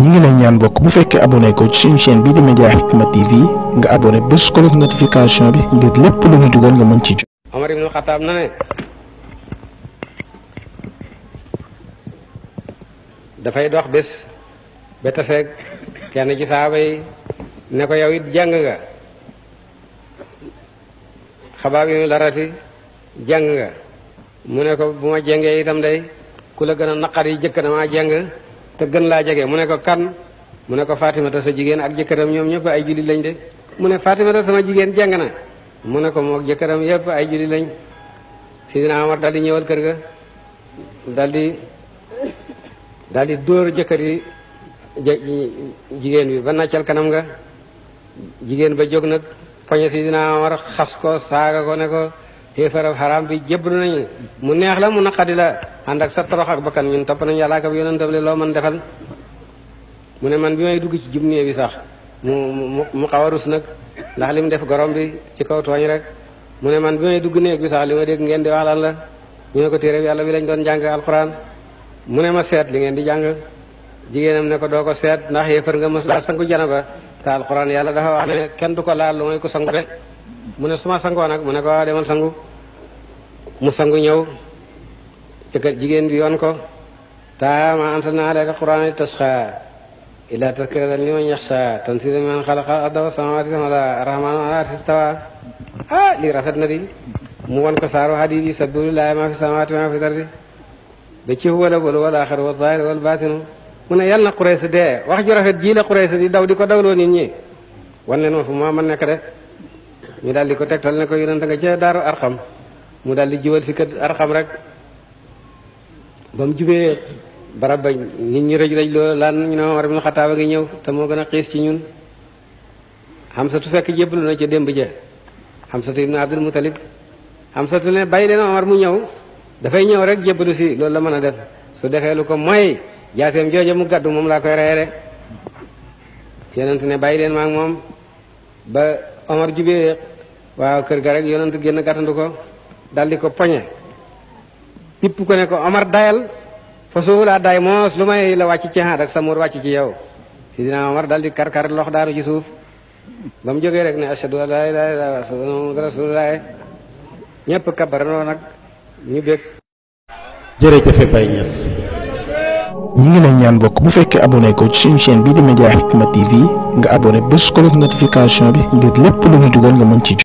ñi ngi lay ñaan bokk bu fekkee abonné ko ci suñu chaîne bii di Média Hikma TV nga abonné bés ko notification bi ngir lépp lu ñu dugal nga mën ci jot. Omar ibn ne dox kenn ci saaba yi ne ko yow it jàng nga xabaab yi larati jàng nga mu ne ko bu ma jàngee itam day ku la gën a naqar yi jëkk damaa jàng te gën laa jege mu ne ko kan mu ne ko Fatimata sa jigéen ak jëkkëram ñoom ñëpp ay jullit lañ de mu ne Fatimata sama jigéen jàng na mu ne ko moog jëkkëram yëpp ay jullit lañ Sidina Omar daal di ñëwal kër ga daal di daal di dóor jëkkër yi jigéen bi ba naccal kanam nga jigéen ba jóg nag poñe Sidina Omar xas ko saaga ko ne ko xéefarab xaraam bi jébbalu nañu mu neex la mu naqadi la ànd ak sa torox ak bakkan ñun topp nañu yàlla ak yonentam le loo man defal mu ne man bi may dugg ci jub bi sax mu mu mu xaw a rus nag ndax li mu def gorom bi ci kaw tooñ rek mu ne man bi may dugg néeg bi sax li ma dégg ngeen di wax lan la ñu ne ko téere yàlla bi lañ doon jàng alxuraan mu ne ma seet li ngeen di jàng jigéenam ne ko doo ko seet ndax yéefar nga mësul sangu janaba te alxuraan yàlla dafa wax ne kenn du ko laal lu may ko sangu rek mu ne su ma nag mu ne ko waaw sangu mu sangu ñëw jëkkër jigéen bi yoon ko taa ma ansal naa alayka qur'aan tasxaa illaa tazkiratan liman yaxsaa tanziilan mimman xalaqa arda wa samaawaati wal arda arrahmaanu alal arshi stawaa ah lii rafet na di mu won ko saaru hadiid yi sabbihu lillaahi fi samaawaati wa fi ardi ba ci huwal awwalu wal aaxiru waz zaahir wal mu ne yal na Quraysh dee wax ju rafet ji la Quraysh di daw di ko dawloo nit ñi wan leen ma fu ma mën nekk de ñu daal di ko tegtal ne ko yonent nga ca daaru arxam mu daal di jiwal si ba mu jubee barab ba nit ñi rëj rëj loo laan ñu ne Omar ibn Xataab a ngi ñëw te moo gën a xiis ci ñun sa tu fekk jébbalu na ca démb ja xam sa Abdul Mutalib Xamsatu ne bàyyi leen Omar mu ñëw dafay ñëw rek jébbalu si loolu la mën a def su defee lu ko mooy jaaseem jooja mu gàddu moom laa koy reyere yonent ne bàyyi leen maak moom ba Omar jubee waaw kër ga rek yonent génn gàttandu ko daldi ko poñe pipp ko ne ko Omar dayal fasoo laa day moos lu may la wàcc ci xaar ak samuur wàcc ci yow sidina Omar dal di karkar lox daaru ci suuf ba mu jógee rek ne ashadu an laa ilaaha illallaah wa ashadu anna rasuulullaah nag ñu bég jërëjëf Baye Niass ñi ngi lay ñaan bokk bu fekkee abonné ko ci suñu chaîne bii di Média Hikma TV nga abonné bés ko notification bi ngir lépp lu ñu nga mën ci